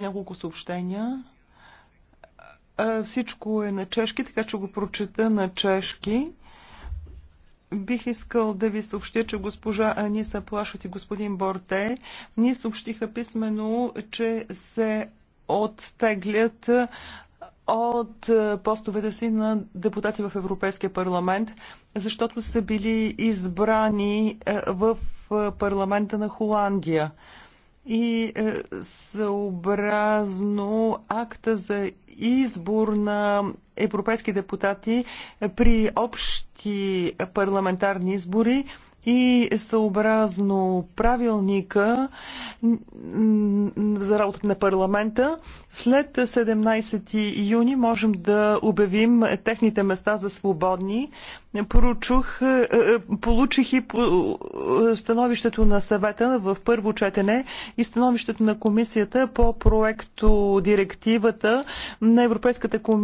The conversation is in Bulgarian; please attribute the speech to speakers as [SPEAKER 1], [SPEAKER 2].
[SPEAKER 1] няколко съобщения. Всичко е на чешки, така че го прочета на чешки. Бих искал да ви съобщя, че госпожа Аниса Плашът и господин Борте ни съобщиха писменно, че се оттеглят от постовете си на депутати в Европейския парламент, защото са били избрани в парламента на Холандия и е, съобразно акта за избор на европейски депутати е, при общи парламентарни избори и съобразно правилника работата на парламента. След 17 юни можем да обявим техните места за свободни. Поручух, е, е, получих и е, становището на съвета в първо четене и становището на комисията по проекто директивата на Европейската комисия